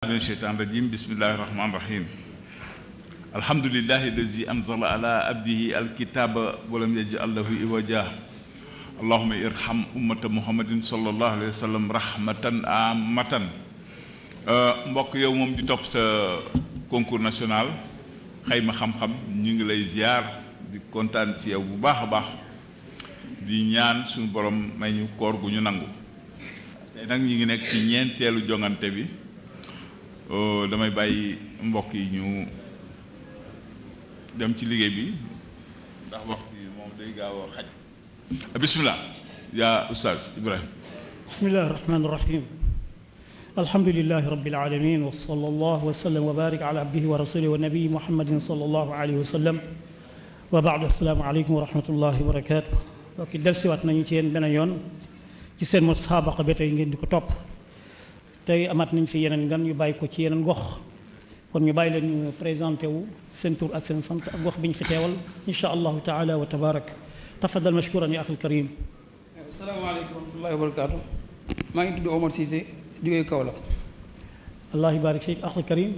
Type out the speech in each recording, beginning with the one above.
من الشيطان الرجيم بسم الله الرحمن الرحيم الحمد لله الذي أنزل على عبده الكتاب ولم يجعل له إوجا اللهم ارحم أمة محمد صلى الله عليه وسلم رحمة عامة mbokk yow moom di topp sa concours national xayma xam-xam ñu ngi lay ziar di kontaan ci yow bu baax a baax di ñaan suñu borom may ñu koor gu ñu nangu tey nag ñu ngi nekk ci ñeenteelu jongante bi Oh, damay bayyi mbokk yi ñu dem ci liggéey bi ndax waxtu yi moom day gaaw a xaj bismillah ya oustaz ibrahim bismillah arrahmaan arrahim الحمد لله رب العالمين وصلى الله وسلم وبارك على عبده ورسوله ونبيه محمد صلى الله عليه وسلم وبعد السلام عليكم ورحمة الله وبركاته وكي درسي واتنا نتين بنا يون جسين متسابق بيتا ينجين ديكو توب tey amaat nañ fi yeneen gan ñu bàyyi ko ci yeneen gox kon ñu bàyyi leen ñu présenté wu seen tour ak seen sant ak gox bi ñu fi teewal insha allahu taala wa tabarak tafadal mashkuran ya axil karim asalaamaaleykum wa rahmatullahi wa barakaatu maa ngi tudd Omar Cissé jógee Kaolack allah barik fiik axil karim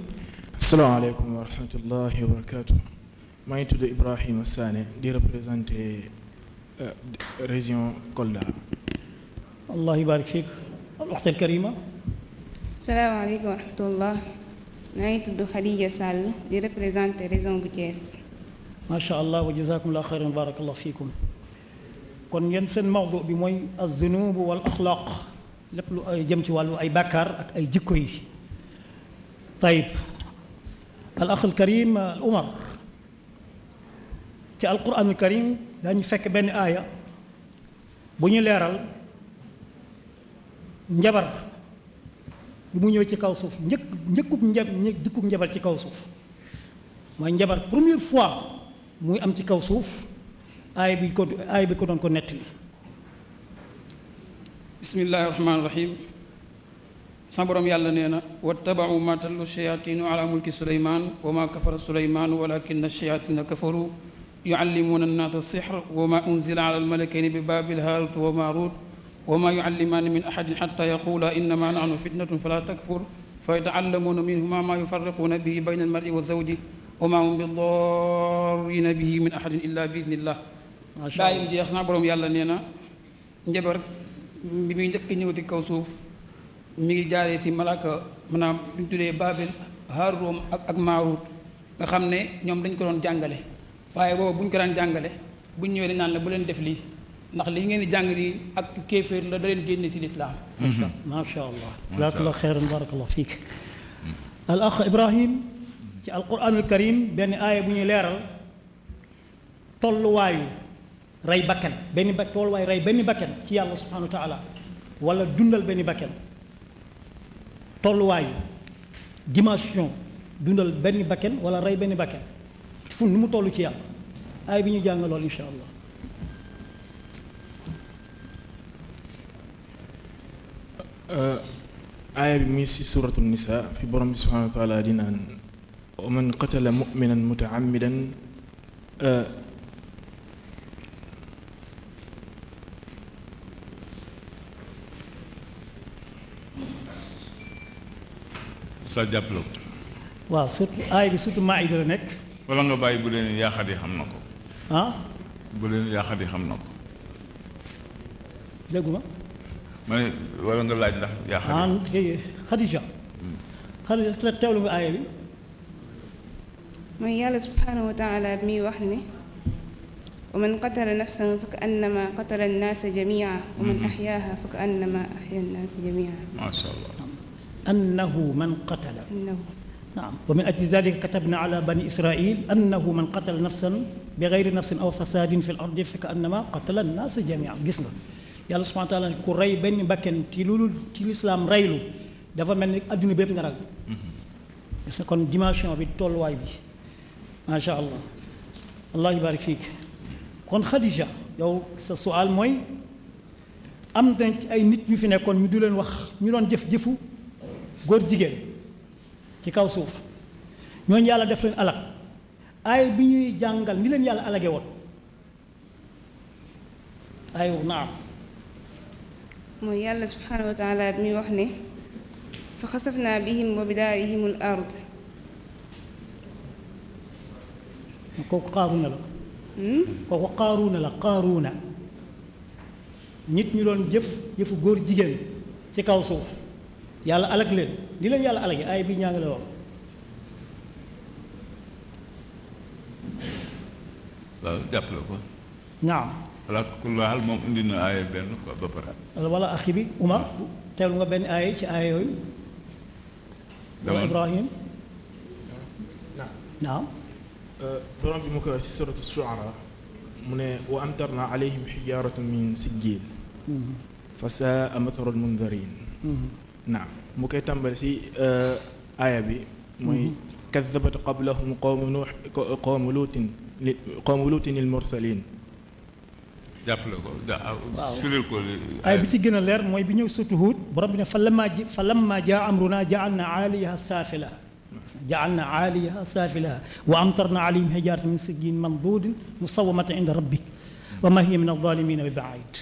assalamu alaykum wa rahmatullahi wa barakatuh maa ngi tudd Ibrahima Sané di représenté région Kolda allah barik fiik الأخت الكريمة السلام عليكم ورحمة الله نعي تدو خليجة سالو دي ريبريزانت ريزون بوتيس ما شاء الله وجزاكم الله خير بارك الله فيكم كون ينسن موضوع بموي الزنوب والأخلاق لبلو أي جمتي والو أي بكر أي جيكوي طيب الأخ الكريم الأمر في القرآن الكريم لأن فك بين آية بني ليرال نجبر bi mu ñëw ci kaw suuf njëkk njëkkub njab njabar ci kaw suuf mooy njabar première fois muy am ci kaw suuf aay bi ko aay bi doon ko nettali bismillahi rahmaani rahim sa borom yàlla nee na wattabau ma tallu shayatinu ala mulki suleyman wa ma kafara suleyman walakin shayatina kafaru yuallimuuna annaasa sihr wa ma unzila ala almalakayni bi baabil haarut wa maarut وما يعلمان من احد حتى يقولا انما نحن فتنه فلا تكفر فيتعلمون منهما ما يفرقون به بين المرء والزوج وما هم بالضارين به من احد الا باذن الله دايم جي خصنا بروم يالا نينا نجبر بيمي نك نيو دي كو سوف في ملاكا منام دي بابل هاروم اك اك ماروت خا خامني نيوم دنج كو دون جانغالي واي بوبو بون ndax li ngeen di jàng nii ak kéeféer la da leen génne si lislaam ma sha allah jazakallah xeyran barakallah fiik al akh ibrahim ci al quran al karim benn aaya bu ñuy leeral tolluwaayu rey bakken benn ba tolluwaayu rey benn bakken ci yàlla subhanahu wa taala wala dundal benn bakken tolluwaayu dimension dundal benn bakken wala rey benn bakken fu nu mu toll ci yàlla aaya bi ñu jàng lool insha allah آه، آية ميسي سورة النساء في برم سبحانه وتعالى لنا ومن قتل مؤمنا متعمدا سجبلو وا سورة آية سورة ما إدرنك ولا نبأي بدين يا خدي حمنكو ها بدين يا خدي حمنكو لا آه، من ne wala nga laaj ndax yaa xam ah kay xadija xadija la teewlu nga yàlla subhanahu wa taala mi wax ومن قتل نفسا فكأنما قتل الناس جميعا ومن أحياها فكأنما أحيا الناس جميعا ما شاء الله نعم. أنه من قتل أنه نعم ومن أجل ذلك كتبنا على بني إسرائيل أنه من قتل نفسا بغير نفس أو فساد في الأرض فكأنما قتل الناس جميعا جسنا yàlla subhana taala ku rey benn bakken ci loolu ci lislaam reylu dafa mel ni bépp nga rag gis kon dimension bi tolluwaay bi macha allah allah yubarik fiik kon Khadija yow sa sual mooy am na ay nit ñu fi nekkoon ñu du leen wax ñu doon jëf jëfu góor jigéen ci kaw suuf ñooñu yàlla def leen alag aay bi ñuy jàngal ni leen yàlla alage woon ay naam يالله سبحانه وتعالى بني وحنه فخسفنا بهم وبدارهم الأرض نقول قارون لك وهو قارون لك قارون نيت نيلون جف جف غور جيجن تي كاو سوف يالا الك لين دي لين يالا الك اي بي نياغلا و نعم ala kullu hal moom indi na aaya benn quoi ba pare. wala axi bi Umar teewlu nga benn aaya ci aaya yooyu. dama Ibrahim naam. borom bi mu ko si suratu Shuara mu ne wa amtarna alayhim xijaaratan min sijjiil. fa saa matarul mundarin. naam mu koy tàmbali si aaya bi. mooy kaddabat qablahum qawmu nuux qawmu luutin qawmu luutin il mursalin jàppale ko ah, waaw firil ko ay bi ci gën a leer mooy bi ñëw surtout Huud borom bi ne fa lamma ji fa lamma jaa amruna jaal na aaliyaha saafilaha jaal na wa amtarna alayhim hijaratan min sijjin mandudin musawamatan inda rabbik wa ma hiya min adh-dhalimina bi ba'id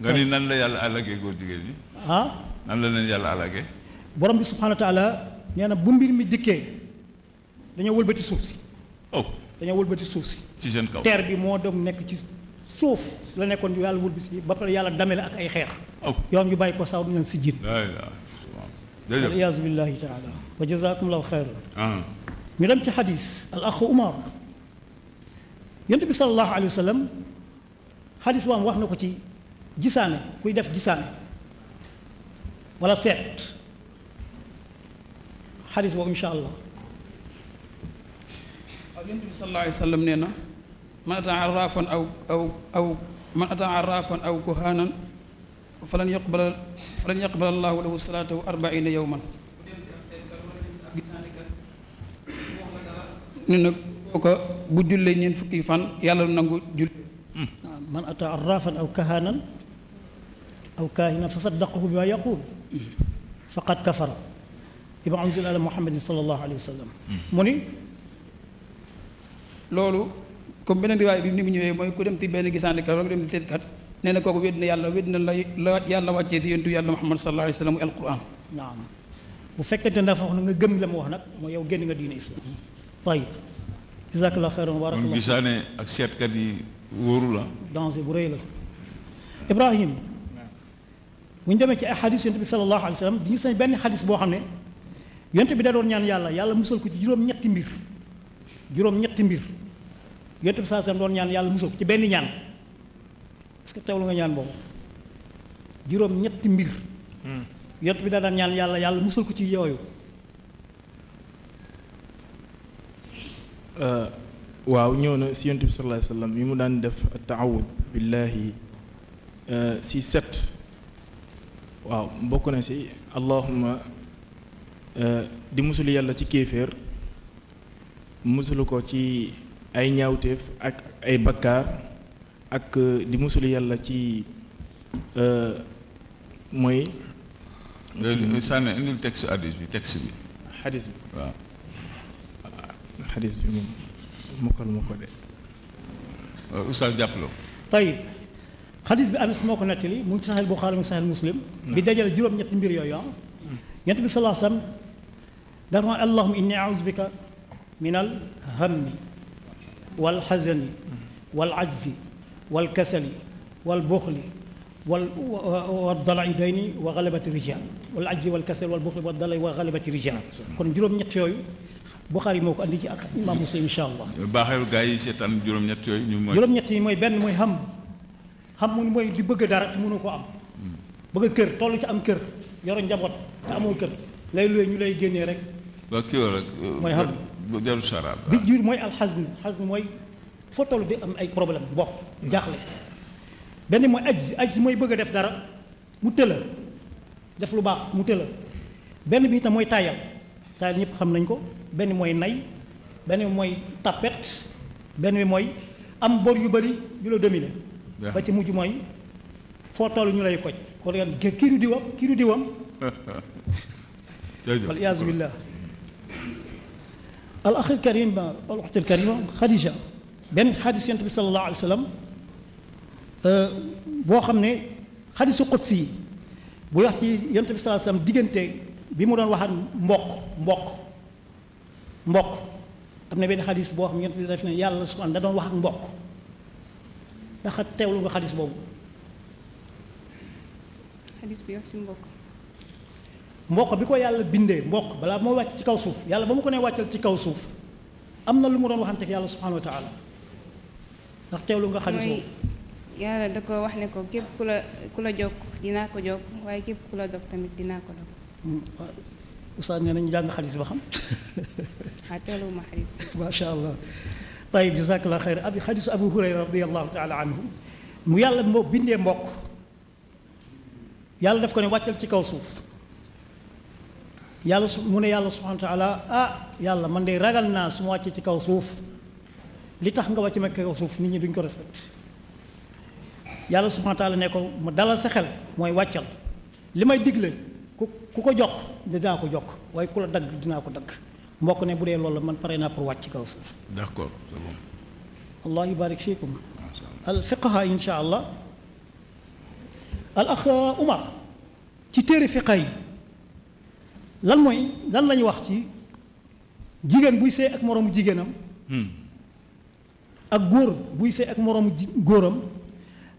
nga ni nan la yàlla alage góor jigéen ah? nan la leen yàlla alage borom bi subhanahu wa taala bu mbir mi dikkee dañoo wëlbati suuf si oh dañoo wëlbati suuf si ci seen kaw bi moo nekk ci suuf la nekkoon yàlla wul bis ba pare yàlla damele ak ay xeer yoom ñu bàyyi ko saw du leen si jin aliyaasu billahi taala wa jazakumullahu xayran ñu dem ci xadis al axu umar yonent bi salallahu alayhi wa sallam xadis waam wax na ko ci gisaane kuy def gisaane wala seet xadis boobu incha allah yonent bi salallahu alayhi wa sallam nee na من أتى عرافا أو أو أو من أتى عرافا أو كهانا فلن يقبل فلن يقبل الله له صلاته أربعين يوما نك وك بجول لي نين فكي فان يالا نانغو من أتى عرافا أو كهانا أو كاهنا فصدقه بما يقول فقد كفر يبقى أنزل على محمد صلى الله عليه وسلم مني لولو comme beneen riwaay bi ni mu ñëwee mooy ku dem ci benn gisaane kat wala nga dem ci seetkat nee na kooku wedd na yàlla wedd na la la yàlla wàccee ci yontu yàlla Muhammad sallallahu bu fekkente ne dafa wax na nga gëm la mu wax nag moo yow génn nga diine islam tayib jazakallah xayran wa barakallah gisaane ak seetkat yi wóoru la danger bu rëy la ibrahim bu ñu demee ci ay xadis yonte bi sallallahu alayhi benn xadis boo xam ne yonte bi da doon ñaan yàlla yàlla musal ko ci juróom-ñetti mbir juróom-ñetti mbir yonte sa saa doon ñaan yalla musul ci benn ñaan est-ce que tawlu nga ñaan boobu juróom ñetti mbir hmm. yonte bi da daan ñaan yalla yalla musul ko ci euh waaw ñëw na si yonte bi sallallahu alayhi wasallam yi mu daan def taawud billahi euh, si set waaw bokk na si allahumma euh, di musul yalla ci kéeféer musul ko ci ay ñaawteef ak ay bakkaar ak di musul yàlla ci mooy. sànni indil texte hadis bi texte bi. hadis bi waaw. hadis bi moom mokkal ma ko de. Oustaz jàppaloo. tayib hadis bi Anas moo ko nettali mu ngi saxal Buxaari mu saxal Muslim. bi dajale juróom-ñetti mbir yooyu ah. ñett bi sallallahu alayhi dafa allahumma inni a'udhu bika min al hammi والحزن والعجز والكسل والبخل والضلع دين وغلبة الرجال والعجز والكسل والبخل والضلع وغلبة الرجال كون جروم نيت يوي بخاري موك اندي سي اخ امام مسلم ان شاء الله باخيل غاي سيتان جروم نيت يوي ني موي جروم نيت يوي موي بن موي هم هم موي دي بëgg دار مونو كو ام بëgg كير تولو سي ام كير يورو نجابوت تا امو كير لاي لوي ني لاي گيني رك با كيو رك موي هم dellu saraab bi jur mooy alxasn xasn mooy fotalu di am ay problème bopp jaaxle benn mooy ajz ajz mooy bëgg a def dara mu tëla def lu baax mu tëla benn bi itam mooy taayal taayal ñëpp xam nañ ko benn mooy nay benn bi mooy tapet benn bi mooy am bor yu bëri yu la dominer ba ci mujj mooy foo toll ñu lay koj kon gan kiiru diwam kiiru diwam wal iyaazu billah الاخ الكريم الاخت الكريمه خديجه بين حديث النبي صلى الله عليه وسلم آه، بو خامني حديث قدسي بو يحكي النبي صلى الله عليه وسلم ديغنتي بي مودون واخان مبوك مبوك مبوك امنا بين حديث بو خامني النبي دافنا يالا سبحانه دا دون واخ مبوك دا خا تيولو حديث بوبو حديث بيو سي مبوك mboq bi ko yàlla bindee mboq balaa moo wàcc ci kaw suuf yàlla ba mu ko nee wàccal ci kaw suuf am na lu mu doon waxante ak yàlla subhanahu wa taala ndax teewlu nga xalis mooy yàlla da ko wax ne ko képp ku la ku la jokk dinaa ko jokk waaye képp ku la dog tamit dinaa ko dog ustaas nee nañu jàng xalis ba xam ah teewluwuma xalis bi macha allah tayib jazakallah xeyr abi xadisu abu hurayra radiallahu taala anhu mu yàlla moo bindee mbokk yàlla daf ko ne wàccal ci kaw suuf yàlla su mu ne yàlla subhanahu wa taala ah yàlla man de ragal naa su ma wàccee ci kaw suuf li tax nga wàcc ma kaw suuf nit ñi duñ ko respecté yàlla subhanahu wa ne ko mu dalal sa xel mooy wàccal li may digle ku ko jox da dinaa ko jokk waaye ku la dagg dinaa ko dagg mbokk ne bu dee loolu man pare naa pour wàcc ci kaw suuf d'accord allah yubarik fiikum al fiqha insha allah al akh Umar ci téere fiqha yi lan mooy lan lañu wax ci jigéen buy sëy ak moroomu jigéenam hmm. ak góor buy sëy ak moroomu góoram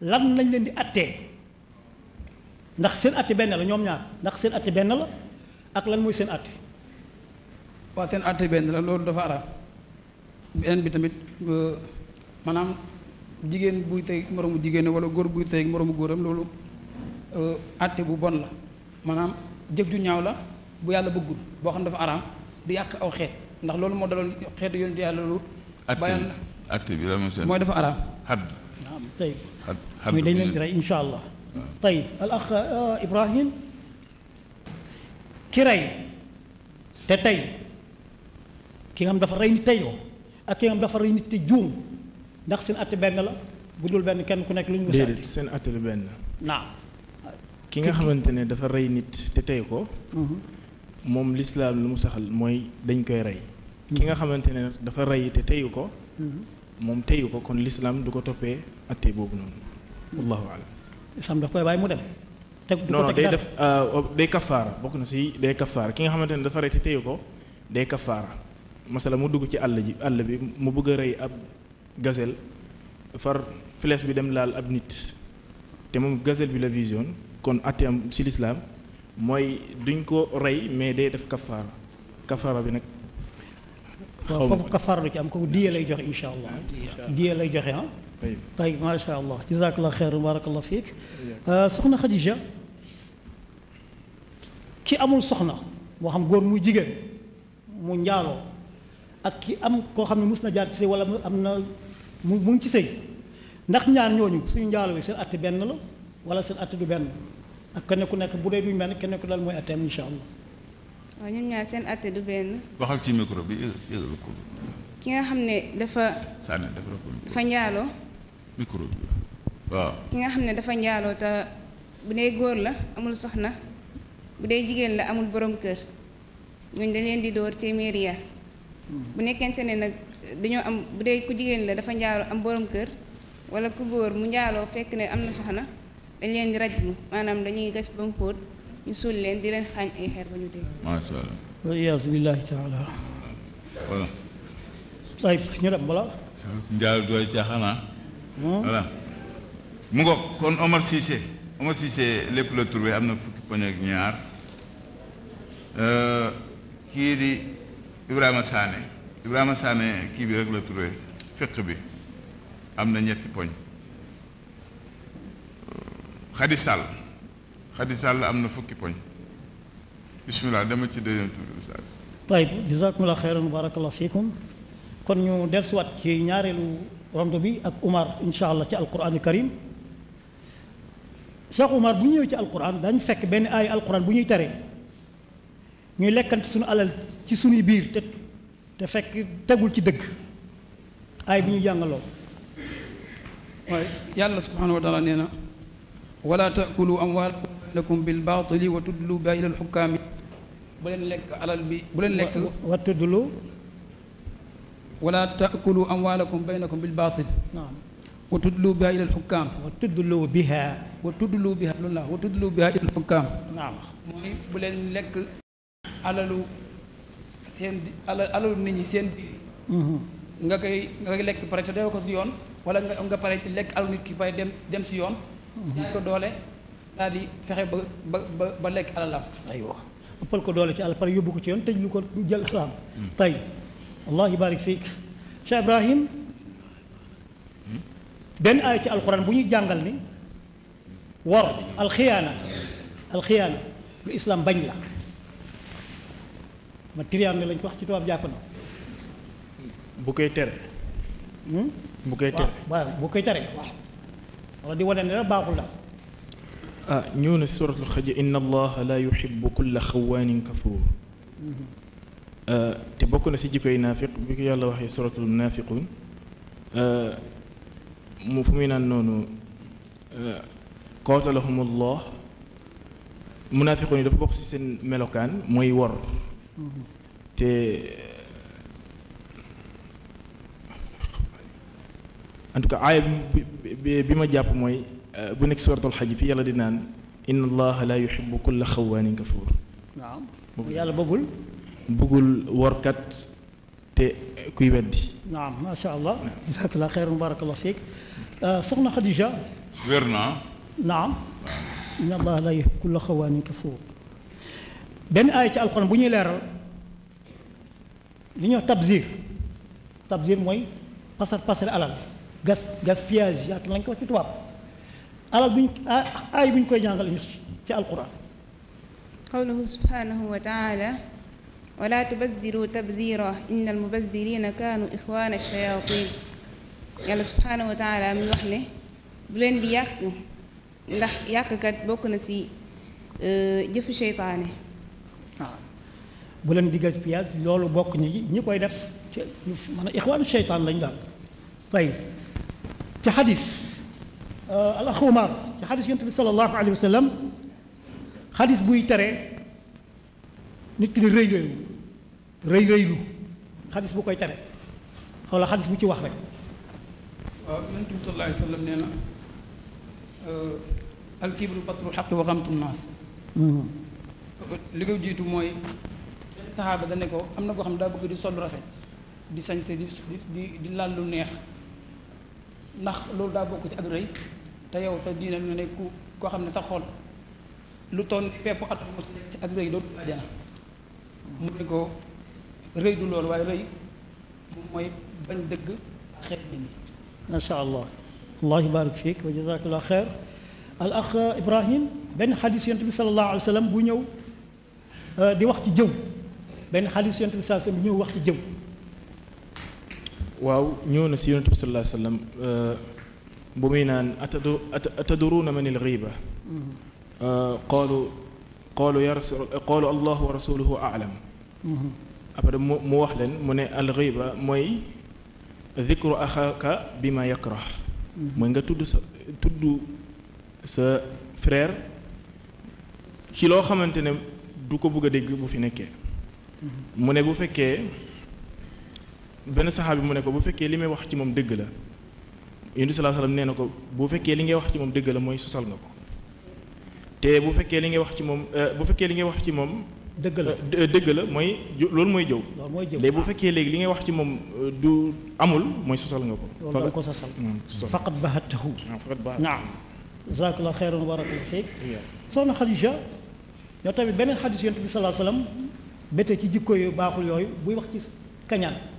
lan lañ leen di attee ndax seen atte benn la ñoom ñaar ndax seen atte benn la ak lan mooy seen atte waaw seen atte benn la loolu dafa araam beneen bi tamit euh, maanaam jigéen buy sëy moroomu jigéenam wala góor buy sëy ak moroomu góoram loolu euh, atte bu bon la maanaam jëf ju ñaaw la bu yàlla bëggul boo xam dafa araam du yàq aw xeet ndax loolu moo daloon xeetu yonent yàlla luut bayal acte bi la mooy dafa araam xadd waaw tayib muy dañ leen di rey insha allah tayib al ax euh, ibrahim ki rey te tey ki nga xam dafa rey nit teyoo ak dafa nit te juum ndax seen atte benn la bu dul benn kenn ku nekk lu ñu ko sànni seen atte lu benn naam ki nga xamante ne dafa rey nit te tey ko mhm. moom lislaam lu mu saxal mooy dañ koy rey ki nga xamante ne dafa rey te teyu ko moom teyu ko kon lislaam du ko toppee atte boobu noonu wallahu alam lislaam daf koy bàyyi mu dem te du ko day def euh, day kafaara bokk na si day kafaara ki nga xamante ne dafa rey te teyu ko day kafaara masala mu dugg ci àll ji àll bi mu bëgg a rey ab gazelle far flèche bi dem laal ab nit te moom gazelle bi la vision kon atte am si lislaam mooy duñ ko rey mais day def kafaara kafaara bi nag. xaw ma foofu kafaara du ci am kooku diye lay joxe incha allah. diye lay joxe ah. tayib macha allah jazakallah xeyran barakallah fiik euh, soxna Khadija ki amul soxna moo xam góor muy jigéen mu njaaloo ak ki am koo xam ne mus na jaar ci sëy wala am na mu mu ngi ci sëy ndax ñaar ñooñu suñu njaaloo yi seen atte benn la wala seen atte du benn. ak kenn ku nekk bu dee duñ benn kenn ku dal mooy atteem incha allah. waaw ñoom ñaar seen atte du benn. waxal ci micro bi ki nga xam ne dafa. Sane dafa njaaloo. micro bi waaw. ki nga xam ne dafa njaaloo te bu dee góor la amul soxna bu dee jigéen la amul borom kër ñooñu dañ leen di door téeméeri yar bu nekkente ne nag dañoo am bu dee ku jigéen la dafa njaaloo am borom kër wala ku góor mu njaaloo fekk ne am na soxna. dañ leen di raj bu maanaam dañuy gas ba mu fóot ñu suul leen di leen xaañ ay xeer ba ñu dee. allah. wa iyaazu billaahi taala. Ah. Hmm? voilà. mu ngoog kon Omar Cissé Omar Cissé lépp la trouvé am na fukki poñ ak ñaar euh, kii di Ibrahima Sané Ibrahima Sané kii bi rek la trouvé fekk bi am na ñetti poñ. Khady Sall Khady Sall am na fukki poñ bismillah dama ci deuxième tour bi Oustaz tayib jazakumullah xeyran barakallahu fiikum kon ñu dellusiwaat ci ñaareelu rondo bi ak Umar insha allah ci alquran karim Cheikh Umar bu ñëwee ci alquran dañ fekk benn aay alquran bu ñuy tere ñuy lekkante suñu alal ci suñuy biir te te fekk tegul ci dëgg aay bi ñuy jàngaloo waaye yàlla subhanahu wa taala nee na ولا تاكلوا اموالكم بينكم بالباطل وتدلوا بها الى الحكام بولن لك على البي بولن لك وتدلوا ولا تاكلوا اموالكم بينكم بالباطل نعم وتدلوا بها الى الحكام وتدلوا بها وتدلوا بها لولا وتدلوا بها الى الحكام نعم موي بولن لك على لو سين على على نيني سين اها nga kay nga lek paré té ko yoon wala nga nga paré lek al nit ki bay dem dem ci yoon jaay ko doole daal di fexe ba ba ba ba lekk alalam aywa ëppal ko doole ci àll pare yóbbu ko ci yoon tëj lu ko jël hmm. allah barik fiik Cheikh Ibrahim benn aaya ci alquran bu ñuy jàngal ni war alxiyaana alxiyaana lu islam bañ la ma triyaan lañ ko wax ci tubaab jàpp na bu koy tere hmm? bu koy tere waaw bu koy tere waaw wala di wane ne la baaxul daal ah ñëw na suratul xaj inna allaha la yuhibbu kulla xawaanin kafuur te bokk na si jikkoy naafiq bi ko yàlla waxee suratul naafiquun mu fu muy naan noonu qaatalahum allah munaafiquun yi dafa bokk si seen melokaan mooy wor te en tout cas aaya bi bi ma jàpp mooy bu nek suratul hajj fi yàlla di nan inna allah la yuhibbu kull xawaanin kafur naam yàlla bagul bagul wor kat te kuy weddi naam ma sha allah jazak allah jazakallah xeyran barakallah fiik sokhna Khadija werna naam inna allah la yuhibbu kull xawaanin kafur ben aaya ci alquran bu ñuy leral li ñuy tabzir tabzir moy passer passer alal gas gaspillage yaakaar nañ ko wax ci tubaab alal buñ ay buñ koy jàngale ñu ci alquran qawluhu subhanahu wa taala ولا تبذروا تبذيرا إن المبذرين كانوا إخوان الشياطين yàlla subhanahu wa taala mi wax ne bu leen di yàq ndax yàqkat bokk na si jëfu seytaane waaw bu leen di gaspillage loolu bokk ñi ñi koy def ci mën a ixwaanu lañ daal tey في حديث آه، الأخ عمر في حديث ينتبه صلى الله عليه وسلم حديث بوي تري نيت كي ري ري ري ري حديث بوكاي تري خولا حديث بوتي واخ رك آه، ينتبه صلى الله عليه وسلم نينا آه، الكبر بطر الحق وغمت الناس ليغو جيتو موي صحابه دا نيكو امنا كو خام دا بوكو دي سولو رافيت di sañ di di di lalu neex ndax loolu daa bokk ci ak rëy te yow sa diine ñu ne ku koo xam ne sa xol lu toon pepp at mu ci ak rëy dootu àjjana mu ne ko rëy du loolu waaye rëy moom mooy bañ dëgg xeet nit ñi Allah شاء الله الله يبارك فيك wax ci jëw ben hadith yonte bi sallallahu alayhi wasallam ñew wax ci jëw واو نيونا سيونة صلى الله عليه وسلم بمينا أتدرون من الغيبة قالوا قالوا يا رسول قالوا الله ورسوله أعلم أبدا موحلا من الغيبة مي ذكر أخاك بما يكره مي تدو سا فرير كي لو خمانتني دوكو بوغا ديغ بو في نيكي مو ني بو فكيه ben sahabi mu ne ko bu fekkee li may wax ci moom dëgg la yunus sallallahu alayhi wasallam nee na ko bu fekkee li ngay wax ci moom dëgg la mooy sosal nga ko te bu fekkee li ngay wax ci moom bu fekkee li ngay wax ci moom dëgg la dëgg la mooy loolu mooy jëw léegi bu fekkee léegi li ngay wax ci moom du amul mooy sosal nga ko loolu ko sosal faqat bahatahu faqat bahat naam jazakallah xeyran wa barakallah fiik soxna Xadija yow tamit beneen xadis yonent bi sallallahu alayhi bete ci jikko yu baaxul yooyu buy wax ci kañaan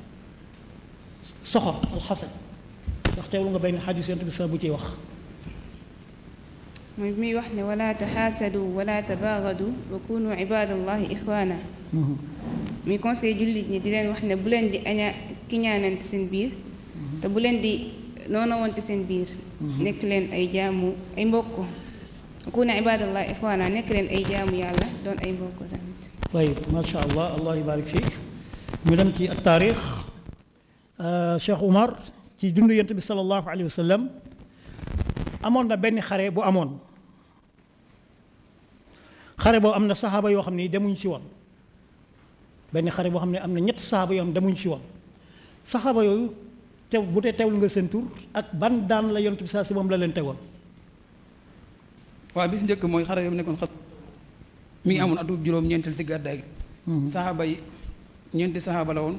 soxor alxasad ndax teewlu nga benn xadis yonte bi sa bu ciy wax muy muy wax ne wala taxaasadu wala tabaagadu wa kunu ibaadallahi ixwaana muy conseil jullit ñi di leen wax ne bu leen di aña kiñaanante seen biir te bu leen di noona wonte seen biir nekk leen ay jaamu ay mbokk wa kunu ibaadallahi ixwaana nekk leen ay jaamu yàlla doon ay mbokk tamit طيب ما شاء الله الله يبارك فيك مدمتي التاريخ Cheikh Omar ci dund yent bi sallallahu alayhi wa sallam amoon na benn xare bu amoon xare boo am na saxaaba yoo xam ne demuñ si woon benn xare boo xam ne am na ñetti saxaaba yoo xam ne demuñ si woon saxaaba yooyu tew bu dee teewlu nga seen tur ak ban daan la yont bi saa si moom la leen tegoon. waaw bis njëkk mooy xare yooyu nekkoon xat mi ngi amoon atum juróom-ñeenteel si gàddaay gi. saxaaba yi ñeenti saxaaba la woon.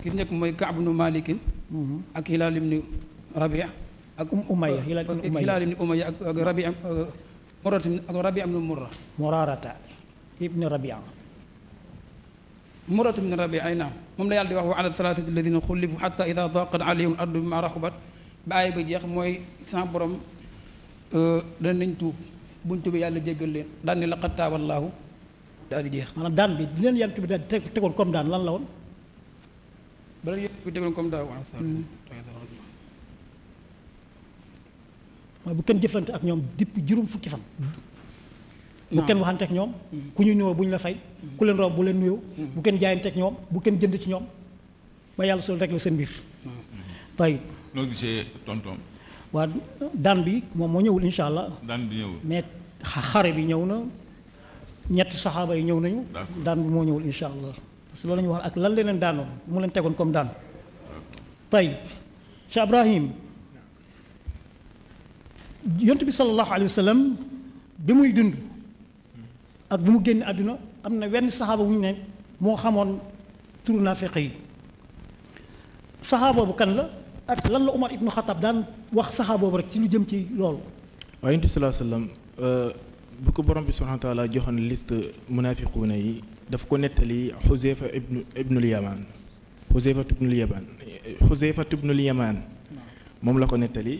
ki nekk mooy Kaab ibnu Malikin ak Hilaal ibnu Rabia ak Umayya Hilaal ibnu Umayya ak Rabia Murrat ak Rabia ibnu Murra Murarata ibnu Rabia Murrat ibnu Rabia ay naam moom la yàlla di wax wa ala thalathati alladina xullifu xata ida daqat alayhim al ardu bima raxubat ba aay ba jeex mooy sans borom danañ tuub buñ tuubee yàlla jéggal leen daan ni laqad taaba allaahu daal di jeex maanaam daan bi di leen yàlla tubi daal tegoon comme daan lan la woon ba léegi yéen a ngi bu kenn jëflante ak ñoom dipp juróom fukki fan. bu kenn waxante ak ñoom. Mm. ku ñu nuyoo bu ñu la fay. Mm. ku leen romb bu leen nuyoo. Mm. bu kenn jaayante ak ñoom bu kenn jënd ci ñoom ba yàlla sol rek la seen mbir. tay noo gisee tontom. waa daan bi moom moo ñëwul incha allah. daan bi ñëwul mais xare bi ñëw na ñetti saxaaba yi ñëw nañu. daan bi moo ñëwul incha allah. si loolu la ñu wax ak lan leneen daanoon mu leen tegoon comme daan tayib Cheikh Ibrahim yontu bi sallallahu alayhi wa sallam bi muy dund ak bi mu génn àdduna am na wenn saxaaba bu ñu ne moo xamoon turu naafeq yi saxaaba bu kan la ak lan la Umar ibnu Xattaab daan wax saxaaba boobu rek ci lu jëm ci loolu waaye yontu bi sallallahu alayhi wa sallam bu ko borom bi subhanahu wa taala joxoon liste munaafiquuna yi daf ko nettali xuseyfa ibnu ibnul yamaan xuseyfatu ibnul yamaan xuseyfatu ibnul yamaan moom la ko nettali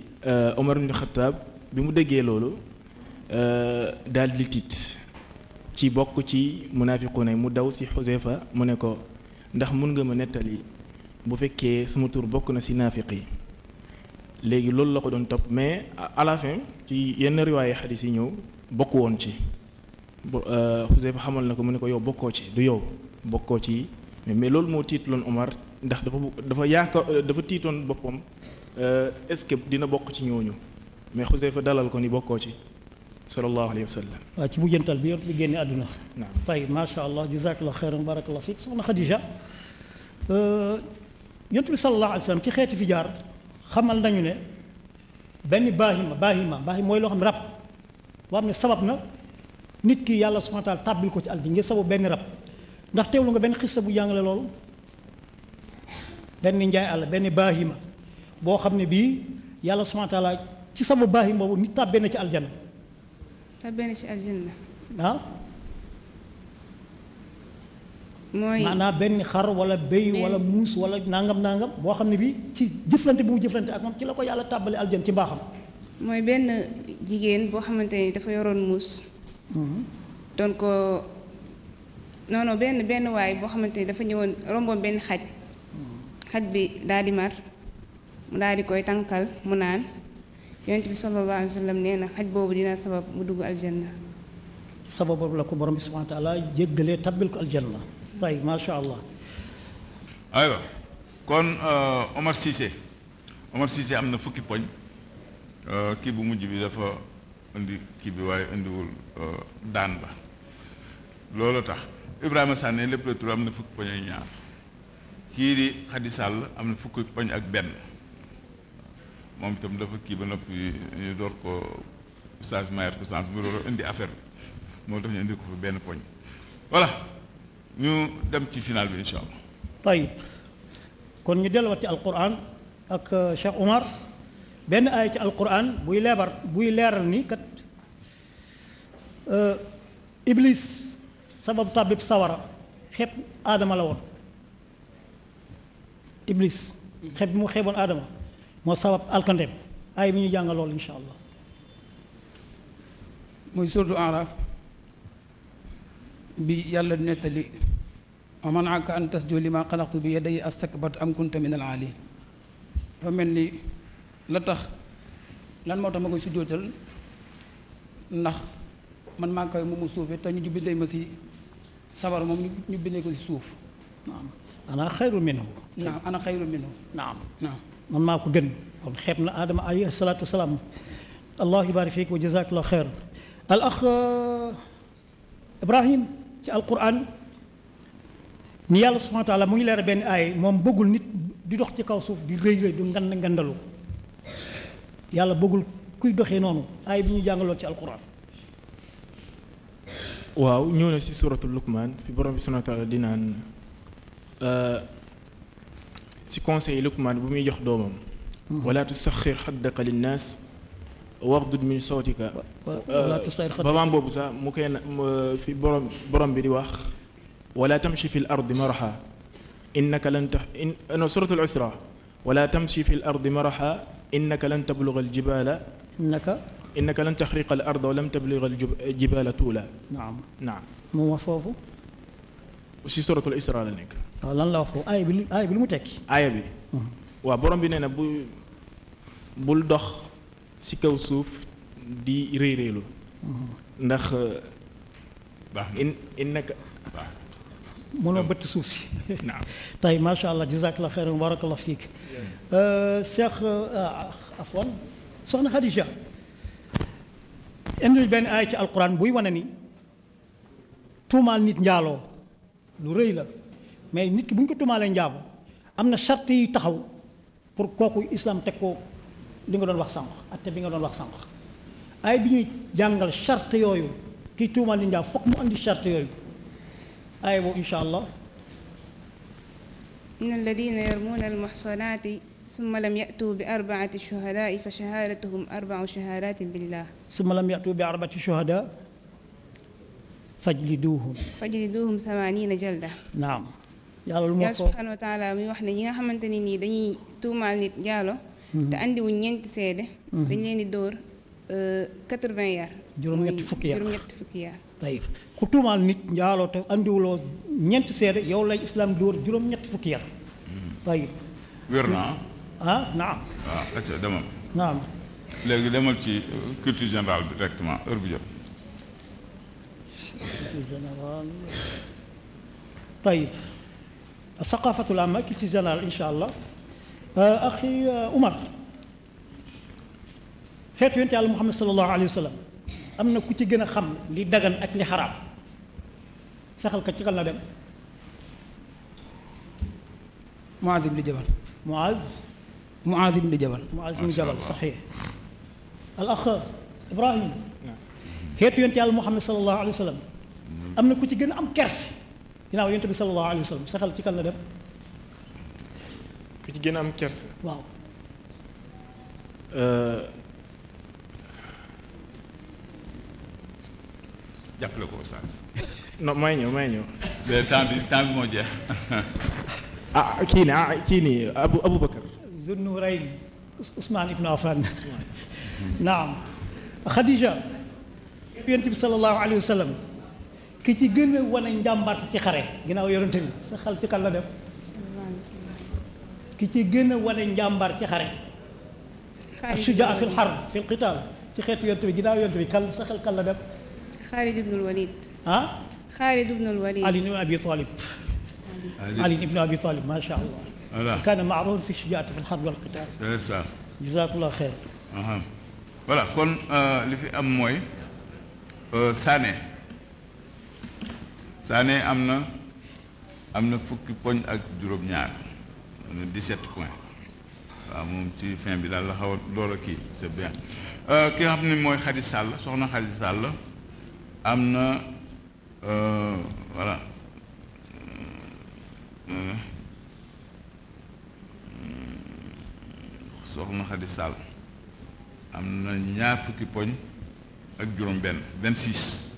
omar ibnu xataab bi mu déggee loolu daal di tiit ci bokk ci munaafiquuna mu daw si xuseyfa mu ne ko ndax mun nga ma nettali bu fekkee sama tur bokk na si naafiq yi léegi la ko doon topp mais à la fin ci yenn riwaaye xadis yi ñëw bokk woon ci Xuzeyfa xamal na ko mu ne ko yow bokkoo ci du yow bokkoo ci mais mais loolu moo tiitloon Omar ndax dafa dafa yaakaar dafa tiitoon boppam est-ce que dina bokk ci ñooñu mais Xuzeyfa dalal ko ni bokkoo ci sallallahu alayhi wa sallam waaw ci mujjantal bi yont bi génne àdduna tay macha allah jazakallah xeyran barakallah fiik soxna Xadija yont bi sallallahu alayhi wa sallam ci xeeti fi jaar xamal nañu ne benn baahima baahima baahima mooy loo xam ne rab boo ne sabab na nit ki yàlla subhanahu taala tàbbil ko ci aldi ngir sabu benn rab ndax teewlu nga benn xissa bu jàngale loolu benn njaay àll benn baahima boo xam ne bii yàlla subhanahu taala ci sabu baahima boobu nit tàbbee na ci aljanna tàbbee na ci aljanna ah mooy maanaam benn xar wala béy wala muus wala nangam nangam boo xam ne bii ci jëflante bu mu jëflante ak moom ci la ko yàlla tàbbale aljanna ci mbaaxam mooy benn jigéen boo xamante dafa yoroon muus donc non euh, non benn benn waay boo xamante ni dafa ñëwoon romboon benn xaj. xaj bi daal di mar mu daal di koy tànkal mu naan yonent bi sallallahu alayhi wa sallam nee na xaj boobu dina sabab mu dugg aljanna. sabab boobu la ko borom bi subhaana wa taala jéggalee tabbil ko aljanna. waaye macha allah. aywa kon euh, Omar Cissé Omar Cissé am na fukki poñ euh, kii bu mujj bi dafa. indi ki bi waaye wul uh, dan ba lolo tax ibrahima sané lepp le tour amna fukk poñ ñaar ki di hadisal amna am fukk poñ ak ben mom tam dafa ki ba nopi ñu dor ko stage mayer ko sans bu lolo indi affaire mo tax ñu indi ko fu ben poñ voilà ñu dem ci final bi inshallah allah tayib kon ñu delluwaat ci alquran ak uh, cheikh omar ben ay ci alquran buy lebar buy leral ni kat euh iblis sabab tabib sawara xeb adama la won iblis xeb mu xebon adama mo sabab alkandem ay bi ñu jàng lool inshallah moy muy surtu araaf bi yàlla netali wa manaaka an tasjuda limaa xalaqtu bi yaday astakbarta am kunta min al aali dafa la tax lan moo tax ma koy sujjootal ndax man maa koy moom mu suufee te ñu bindee ma si sabar moom ñu bindee ko ci suuf naam ana xayru minhu naam ana xayru minhu naam naam man maa ko gën kon xeeb na aadama alayhi salaatu wasalaam allah yubarik fiik wa jazakallah xeer al ax euh, ibrahim ci alquran ni yàlla subhana taala mu ngi leer benn aay moom bëggul nit di dox ci kaw suuf di rëy rëy du ngand ngandalu يلا بوغول كي دوخي نونو اي بني ني جانغلو سي القران واو نيونا سي سوره اللقمان في بروم سبحانه وتعالى دي سي كونسي لقمان بومي يخ ولا تسخر حدك للناس واغدد من صوتك ولا تسخر حدك بابام بوبو سا في بروم بروم بدي واخ ولا تمشي في الارض مرحا انك لن تح... ان سوره العسره ولا تمشي في الارض مرحا إنك لن تبلغ الجبال إنك إنك لن تخرق الأرض ولم تبلغ الجبال طولا نعم نعم مو وفوف وسي سورة الإسراء لنك لن لا وفوف آية بل آية بل متك آية بي وبرم بنا بو بول دخ سكو سوف دي ري ريلو نخ إن إنك باح. mënoo bëtt suuf si tey macha allah jazakallah xeyran barakallah fiik euh, Cheikh euh, ah, afwan soxna Khadija indi benn aaya ci alquran buy wane ni tuumaal nit njaaloo lu rëy la mais nit ki bu ñu ko tuumaalee njaabo am na charte yi taxaw pour kooku islam teg ko li nga doon wax sànq atte bi nga doon wax sànq ay bi ñuy jàngal charte yooyu kiy tuumaal nit njaabo foog mu indi charte yooyu أيوة إن شاء الله إن الذين يرمون المحصنات ثم لم يأتوا بأربعة شهداء فشهادتهم أربع شهادات بالله ثم لم يأتوا بأربعة شهداء فجلدوهم فجلدوهم ثمانين جلدة نعم يا الله سبحانه وتعالى مي وحنا نيغا خامتاني ني داني توما نيت جالو تا اندي سيده دنجلي دور 80 آه، يار جوروم نيت tayib ku tuumaal nit njaaloo te andiwuloo ñeenti seede yow lay islam dóor juróom-ñetti fukki yar tayib wér na ah, ah naam waaw ah, acca demal naam léegi demal ci culture générale bi directement heure bu jot culture générale tayib saqafatul amma culture générale insha allah ah, axi Umar xeetu yonent yàlla Muhammad sallallahu alayhi wa sallam am na ku ci gën a xam li dagan ak li xaraam saxal ko ci kan la dem Muaz ibn Jabal Muaz Muaz ibn Jabal Muaz ibn Jabal sahih al akh Ibrahim xeetu yent yàlla Muhammad sallallahu alaihi wasallam sallam am na ku ci gën a am kers ginaaw yent bi sallallahu alaihi wasallam saxal ci kan la dem ku ci gën a am kers waaw jàppale ko oustaz. non may ñëw may ñëw. mais temps bi temps bi moo jeex. ah kii nii ah kii nii Abu Aboubacar. Zunnurayn Ousmane Ibn Affan. naam. Khadija. yonent bi sallallahu alayhi wa sallam. ki ci gën a wane njàmbaarte ci xare ginnaaw yonent bi sa xel ci kan la dem. ki ci gën a wane njàmbaar ci xare. ak sujaa fil harb fil qitaal ci xeetu yonent bi ginnaaw yonent bi kan sa خالد بن الوليد ها خالد بن الوليد علي بن ابي طالب علي, علي بن ابي طالب ما شاء الله هذا كان معروف في شجاعته في الحرب والقتال يسا إيه، جزاك الله خير اها فوالا كون اللي في ام موي ساني ساني امنا امنا فكي بون اك جروب نيار 17 بوين موم تي فين بي دال لا خاوا دورا كي سي بيان euh ki xamni moy khadi sall soxna khadi sall euh am na euh, voilà euh, euh, soxna Xadi Sall am na ñaar fukki poñ ak juróom benn vingt-six